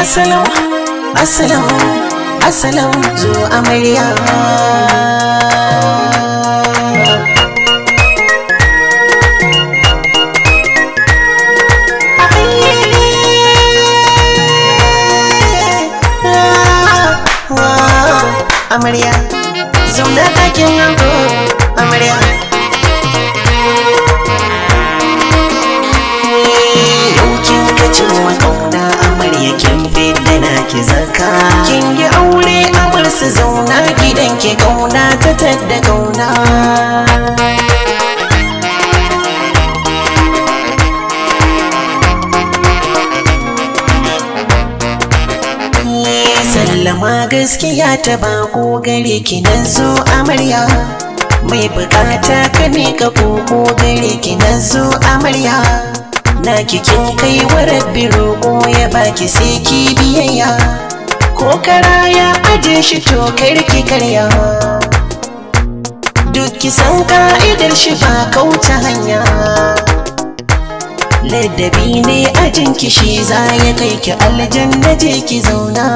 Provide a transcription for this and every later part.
Assalamu Assalamu asalam zo amarya amarya zauna bakin ko amarya kin yi aure a su zauna gidan ki gauna ta tadda gauna sallama gaskiya ta bako gare ki nan zo amarya mai bukata ka ne mika koko gare ki nan zo amarya na kikin kai wa rabbi ya baki sai ki biyayya ko ya aje shi to kai rike karya duk kisan ka'idar shi ba kauta hanya ladabi ne ajin ki shi za ya kai ki aljanna je ki zauna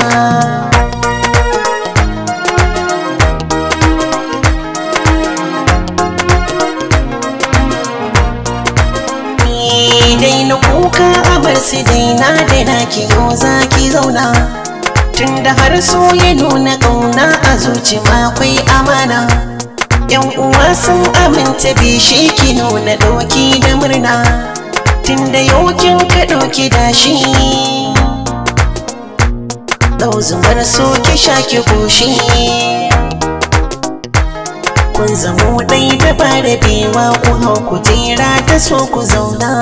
dai na kuka a bar su dai na dai na ki zo za ki zauna tunda har so ya nuna ƙauna a zuci akwai amana yan uwa sun aminta shi ki nuna ɗauki da murna tunda yau kin ka ɗauki dashi ɗau zumar so ki sha ki goshi kun zamo ɗai da ba da bewa ku hau kujera ta so ku zauna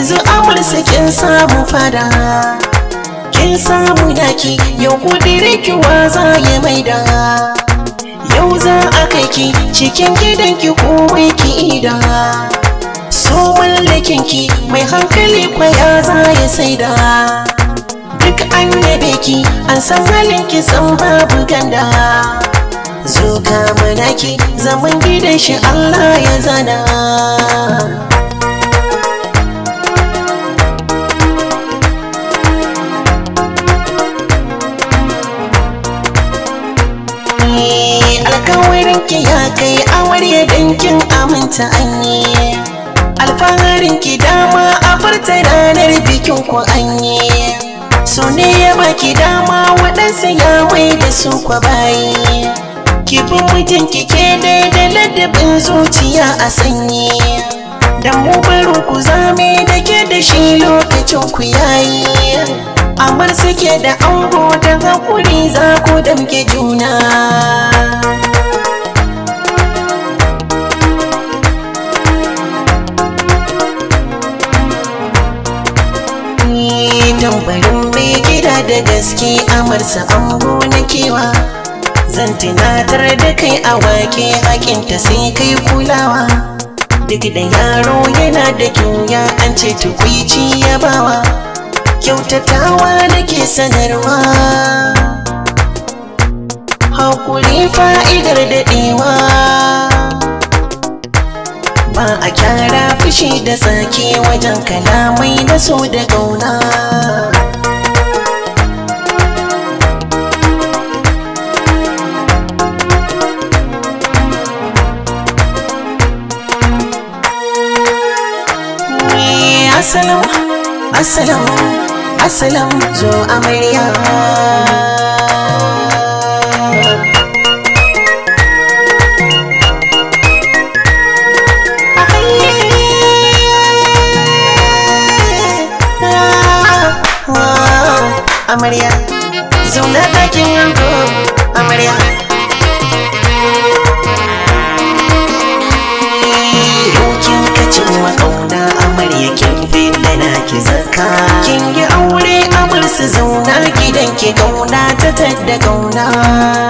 yanzu kin samu fada kin samu daki yau kudirin kiwa za ya maida yau za a kai ki cikin gidan ki komai ki ida so mallakin ki mai hankali kwaya za ya saida duk an yabe ki an san halin ki san babu ganda zo ka manaki zaman gidan shi Allah ya zana ki ya kai amarya dan kin aminta anyi alfaharin ki dama a furta ranar bikin ku anyi so ne ya baki dama waɗansa ya mai da su kwa bayi ki bi mutum ki ke da ladabin zuciya a sanyi dan mu baro ku zame da ke da shi lokacin ku yayi amar suke da ango da hakuri za ku damke juna tambarin mai gida da gaske amarsa an na kewa zan tunatar da kai a wake hakinta sai kai kulawa duk da yaro yana da kyauya an ce tukwici ya bawa kyautatawa nake sanarwa laushi da tsaki wajen kalamai na so da gauna Asalam, asalam, asalam zo amarya. amarya zauna ɗakin yanko amarya ka ci wa ƙauna amarya kin fi da na ki zaka kin yi aure amursa zauna gidan ki ƙauna ta tadda kauna.